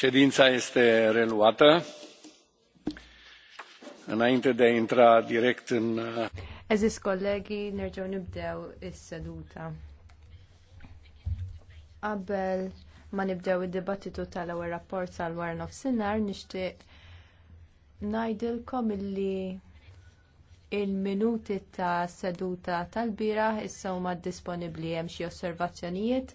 ședința este reluată. Înainte de a intra direct în... Uh, Eżis kollegi, nerġaw nibdew is-seduta. Qabel ma nibdew id-dibattitu tal-ewwel rapport tal-war nofsinhar nixtieq ngħidilkom illi il-minuti ta' seduta tal-bira issa huma disponibbli hemm xi osservazzjonijiet.